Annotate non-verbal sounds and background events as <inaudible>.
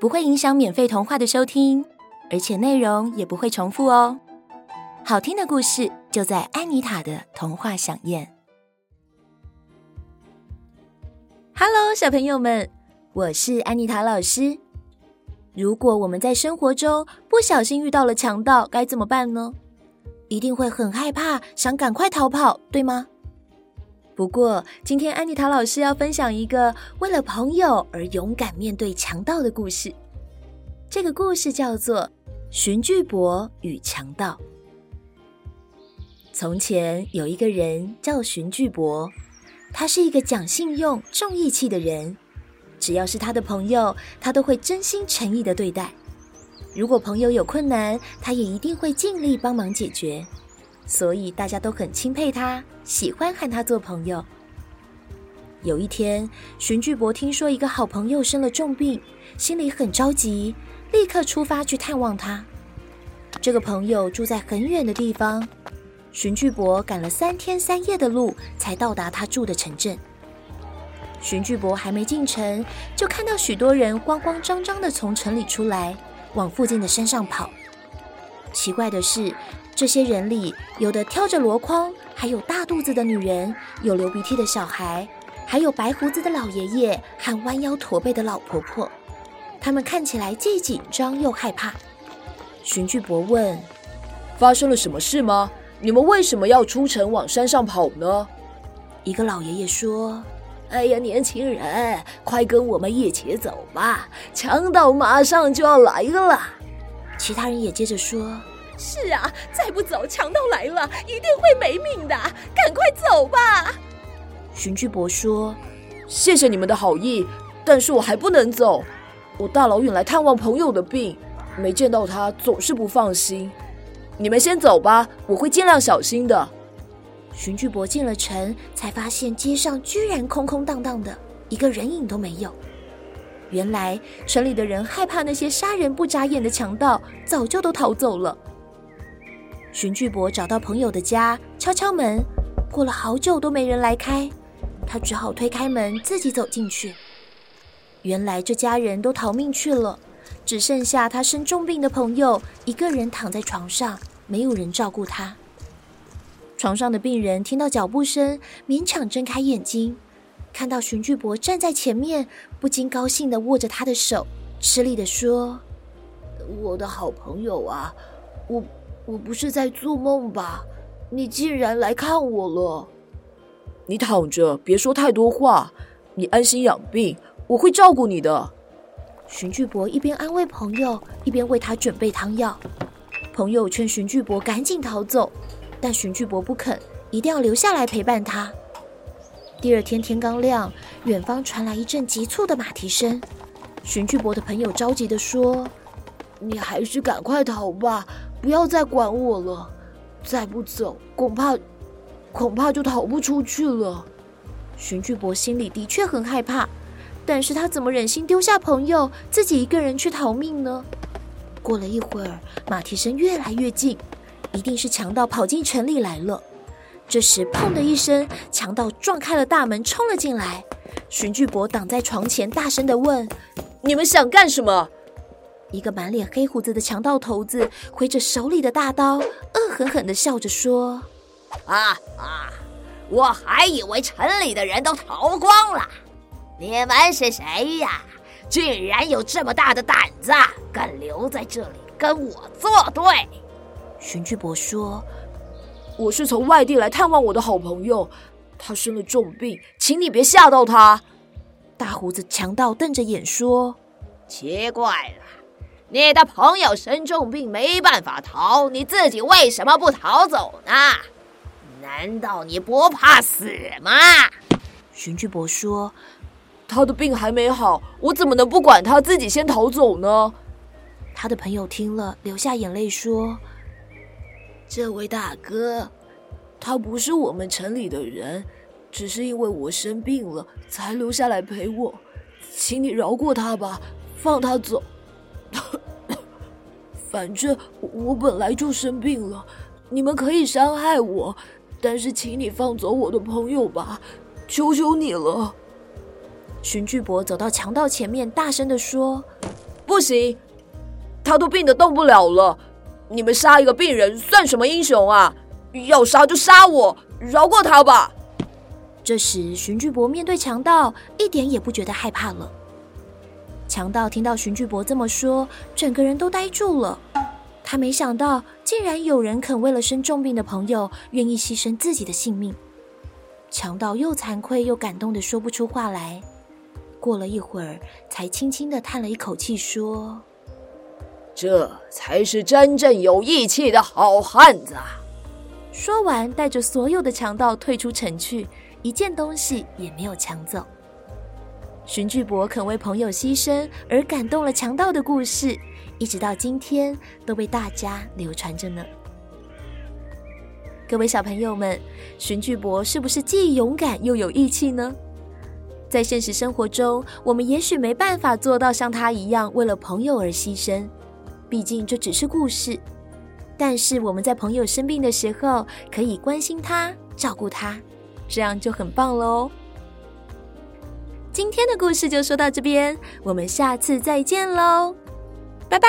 不會影響免費童話的收聽，而且內容也不會重複哦。好聽的故事就在安妮塔的童話享宴。Hello，小朋友們，我是安妮塔老師。如果我們在生活中不小心遇到了強盜，該怎麼辦呢？一定會很害怕，想趕快逃跑，對嗎？不過，今天安妮塔老師要分享一個為了朋友而勇敢面對強盜的故事。這個故事叫做《荀巨伯與強盜》。從前有一個人叫荀巨伯，他是一個講信用、重義氣的人。只要是他的朋友，他都會真心誠意的對待。如果朋友有困難，他也一定會盡力幫忙解決。所以大家都很欽佩他，喜歡和他做朋友。有一天，荀巨伯聽說一個好朋友生了重病，心裡很着急，立刻出發去探望他。這個朋友住在很遠的地方，荀巨伯趕了三天三夜的路才到達他住的城鎮。荀巨伯還沒進城，就看到許多人慌慌張張地從城裡出來，往附近的山上跑。奇怪的是，這些人裡有的挑着籮筐，還有大肚子的女人，有流鼻涕的小孩，還有白鬍子的老爺爺和彎腰駝背的老婆婆。他們看起來既緊張又害怕。荀巨伯問：“發生了什麼事嗎？你們為什麼要出城往山上跑呢？”一個老爺爺說：“哎呀，年輕人，快跟我們一起走吧，強盜馬上就要來了啦。”其他人也接着說：“是啊，再不走，強盜來了，一定會沒命的，趕快走吧。”荀巨伯說：“謝謝你們的好意，但是我還不能走，我大老遠來探望朋友的病，沒見到他總是不放心。你們先走吧，我會盡量小心的。”荀巨伯進了城，才發現街上居然空空蕩蕩的，一個人影都沒有。原來城裡的人害怕那些殺人不眨眼的強盜，早就都逃走了。荀巨伯找到朋友的家，敲敲門，過了好久都沒人來開，他只好推開門自己走進去。原來這家人都逃命去了，只剩下他生重病的朋友一個人躺在床上，沒有人照顧他。床上的病人聽到腳步聲，勉強睜開眼睛。看到荀巨伯站在前面，不禁高興的握着他的手，吃力的說：“我的好朋友啊，我我不是在做夢吧？你竟然來看我了！”你躺着，別說太多話，你安心養病，我會照顧你的。荀巨伯一邊安慰朋友，一邊為他準備湯藥。朋友勸荀巨伯趕緊逃走，但荀巨伯不肯，一定要留下來陪伴他。第二天天剛亮，遠方傳來一陣急促的馬蹄聲。荀巨伯的朋友着急地說：“你還是趕快逃吧，不要再管我了。再不走，恐怕，恐怕就逃不出去了。”荀巨伯心裡的確很害怕，但是他怎麼忍心丟下朋友，自己一個人去逃命呢？過了一會兒，馬蹄聲越來越近，一定是強盜跑進城裡來了。這時，砰的一聲，強盜撞開了大門，衝了進來。荀巨伯擋在床前，大聲地問：“你們想幹什麼？”一個滿臉黑鬍子的強盜頭子揮着手裡的大刀，惡狠狠地笑着說：“啊啊！我還以為城裡的人都逃光了，你們是誰呀？竟然有這麼大的膽子，敢留在這裡跟我作對！”荀巨伯說。我是從外地來探望我的好朋友，他生了重病，請你別嚇到他。大鬍子強盜瞪着眼說：“奇怪了，你的朋友生重病沒辦法逃，你自己為什麼不逃走呢？難道你不怕死嗎？”荀巨伯說：“他的病還沒好，我怎麼能不管他自己先逃走呢？”他的朋友聽了，流下眼淚說：這位大哥，他不是我們城裡的人，只是因為我生病了，才留下來陪我，請你饒過他吧，放他走。 <laughs> 反正我本來就生病了，你們可以傷害我，但是請你放走我的朋友吧，求求你了。荀巨伯走到強盜前面，大聲地說：“不行，他都病得動不了了。”你們殺一個病人算什麼英雄啊？要殺就殺我，饒過他吧。這時，荀巨伯面對強盜，一點也不覺得害怕了。強盜聽到荀巨伯這麼說，整個人都呆住了。他沒想到，竟然有人肯為了生重病的朋友，願意犧牲自己的性命。強盜又慚愧又感動的說不出話來。過了一會兒，才輕輕的嘆了一口氣，說。這才是真正有義氣的好漢子啊！說完，帶着所有的強盜退出城去，一件東西也沒有搶走。荀巨伯肯為朋友犧牲而感動了強盜的故事，一直到今天都被大家流傳着呢。各位小朋友們，荀巨伯是不是既勇敢又有義氣呢？在現實生活中，我們也許沒辦法做到像他一樣為了朋友而犧牲。畢竟這只是故事，但是我們在朋友生病的時候可以關心他、照顧他，這樣就很棒咯。今天的故事就說到這邊，我們下次再見嘍，拜拜。